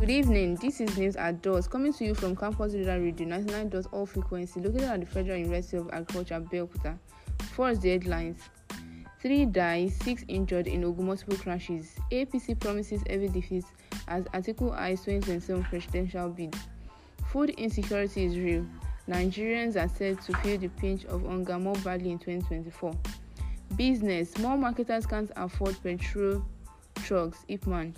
Good evening, this is News at Doors coming to you from Campus Rural Radio all frequency located at the Federal University of Agriculture, Belkuta. First, the headlines Three die, six injured in Ogun multiple crashes. APC promises heavy defeat as Article I 2027 presidential bid. Food insecurity is real. Nigerians are said to feel the pinch of hunger more badly in 2024. Business More marketers can't afford petrol trucks, Ipman.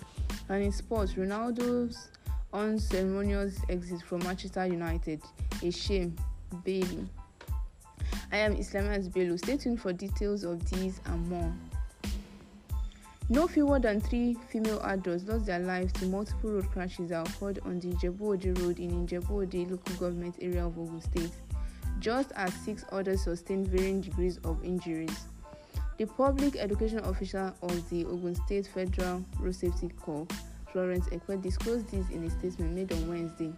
And in sports, Ronaldo's unceremonious exit from Manchester United, a shame, Bailey. I am Islamat Bello. Stay tuned for details of these and more. No fewer than three female adults lost their lives to multiple road crashes that occurred on the ijebu Road in ijebu local government area of Ogun State, just as six others sustained varying degrees of injuries. The public education official of the Ogun State Federal Road Safety Corps, Florence Ekwe, disclosed this in a statement made on Wednesday.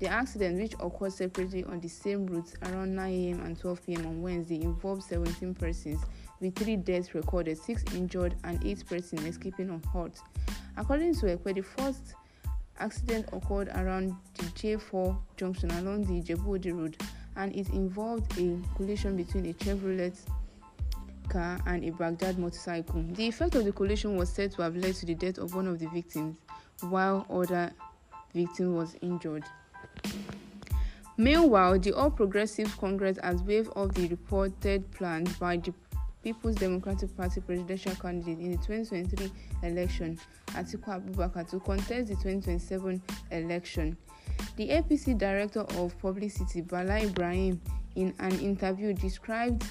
The accident, which occurred separately on the same route around 9 a.m. and 12 p.m. on Wednesday, involved 17 persons, with three deaths recorded, six injured, and eight persons escaping unhurt. According to Ekwe, the first accident occurred around the J4 junction along the Jebode Road, and it involved a collision between a Chevrolet car and a Baghdad motorcycle. The effect of the collision was said to have led to the death of one of the victims, while other victim was injured. Meanwhile, the All Progressive Congress has waived off the reported plans by the People's Democratic Party presidential candidate in the 2023 election, Atiku Abubakar, to contest the 2027 election. The APC Director of Publicity, Bala Ibrahim, in an interview described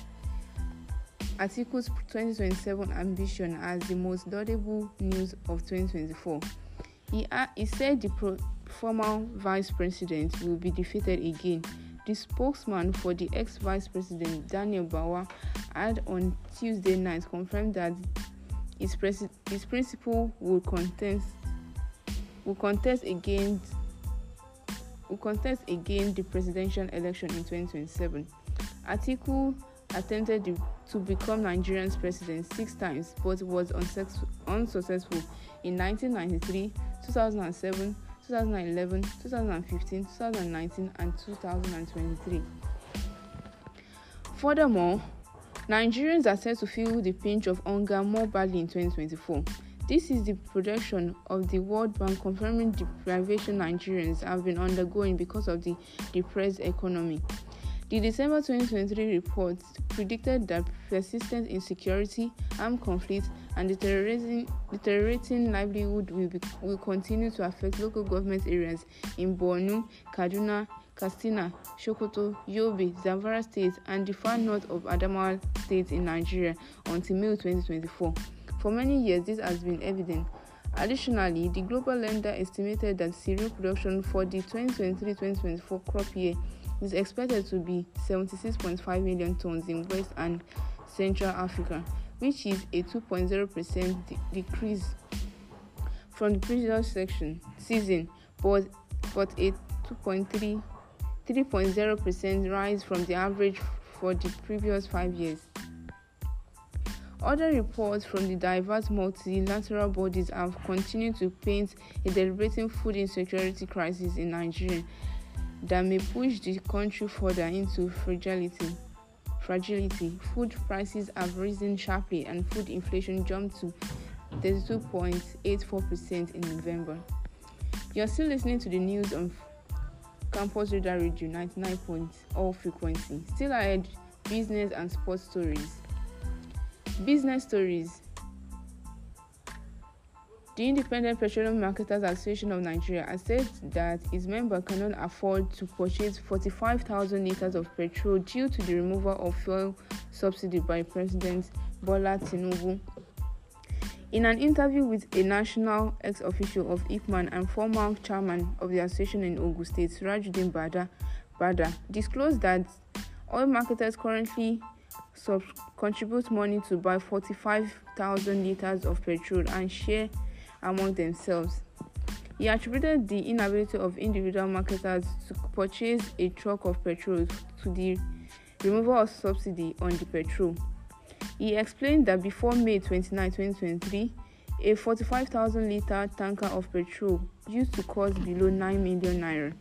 Article's 2027 ambition as the most notable news of 2024. He, uh, he said the pro- former vice president will be defeated again. The spokesman for the ex vice president, Daniel Bauer, had on Tuesday night confirmed that his, pres- his principal will contest, will contest against will contest again the presidential election in 2027. Article attempted the to become Nigerian's president six times but was unsuccessful in 1993, 2007, 2011, 2015, 2019, and 2023. Furthermore, Nigerians are said to feel the pinch of hunger more badly in 2024. This is the projection of the World Bank confirming the privation Nigerians have been undergoing because of the depressed economy. The December 2023 report predicted that persistent insecurity, armed conflict, and deteriorating, livelihood will, be, will continue to affect local government areas in Borno, Kaduna, Katsina, Sokoto, Yobe, Zamfara states, and the far north of Adamawa state in Nigeria until May 2024. For many years, this has been evident. Additionally, the global lender estimated that cereal production for the 2023-2024 crop year is expected to be 76.5 million tons in West and Central Africa, which is a 2.0% de- decrease from the previous section, season, but, but a 2.3 3.0% rise from the average for the previous five years. Other reports from the diverse multilateral bodies have continued to paint a deliberating food insecurity crisis in Nigeria that may push the country further into fragility. Fragility. Food prices have risen sharply, and food inflation jumped to 32.84% in November. You're still listening to the news on Campus Radar Radio 99.0 all frequency. Still ahead, business and sports stories. Business stories. The Independent Petroleum Marketers Association of Nigeria has said that its members cannot afford to purchase 45,000 liters of petrol due to the removal of fuel subsidy by President Bola Tinubu. In an interview with a national ex official of IPMAN and former chairman of the association in Ogun State, Rajuddin Bada, Bada disclosed that oil marketers currently sub- contribute money to buy 45,000 liters of petrol and share among themselves. He attributed the inability of individual marketers to purchase a truck of petrol to the removal of subsidy on the petrol. He explained that before May 29, 2023, a 45,000 litre tanker of petrol used to cost below 9 million naira.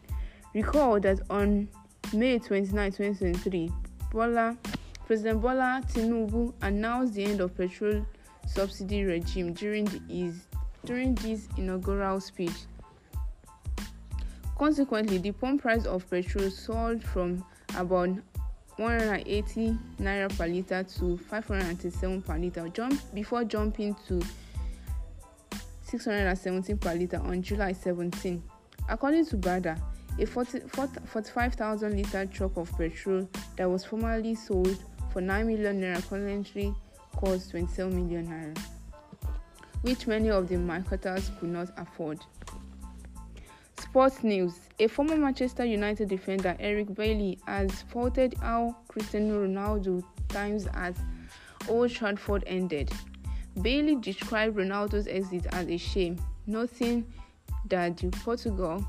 Recall that on May 29, 2023, Bola, President Bola Tinubu announced the end of petrol subsidy regime during the, his during this inaugural speech. Consequently, the pump price of petrol soared from about 180 naira per litre to 537 per litre jump, before jumping to 617 per litre on July 17. According to Bada, a 45,000 litre truck of petrol that was formerly sold for 9 million naira currently costs 27 million naira which many of the marketers could not afford. Sports news A former Manchester United defender, Eric Bailey, has faulted how Cristiano Ronaldo times at Old Trafford ended. Bailey described Ronaldo's exit as a shame, noting that the Portugal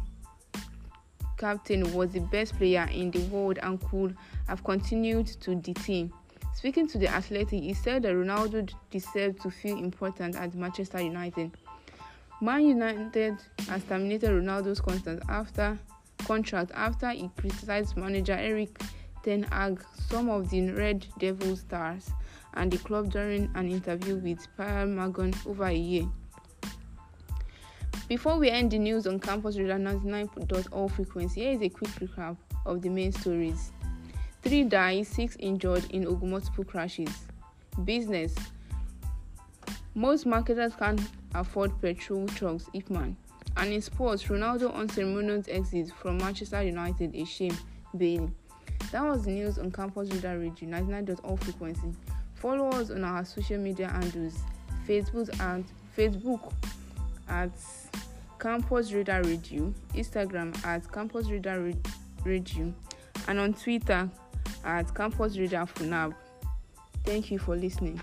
captain was the best player in the world and could have continued to the team. Speaking to the athlete, he said that Ronaldo deserved to feel important at Manchester United. Man United has terminated Ronaldo's contract after contract after he criticized manager Eric Ten Hag, some of the Red Devil stars, and the club during an interview with Pierre Magon over a year. Before we end the news on campus radar 99.0 frequency, here is a quick recap of the main stories. 3 died, 6 injured in multiple crashes. Business Most marketers can't afford petrol trucks, man. And in sports, Ronaldo unceremonious exit from Manchester United, a shame, Bailey. That was news on Campus Radar Radio 99.0 frequency. Follow us on our social media handles, Facebook at Facebook at Campus Radar Radio, Instagram at Campus Radar Radio, and on Twitter at Campus Radio now. Thank you for listening.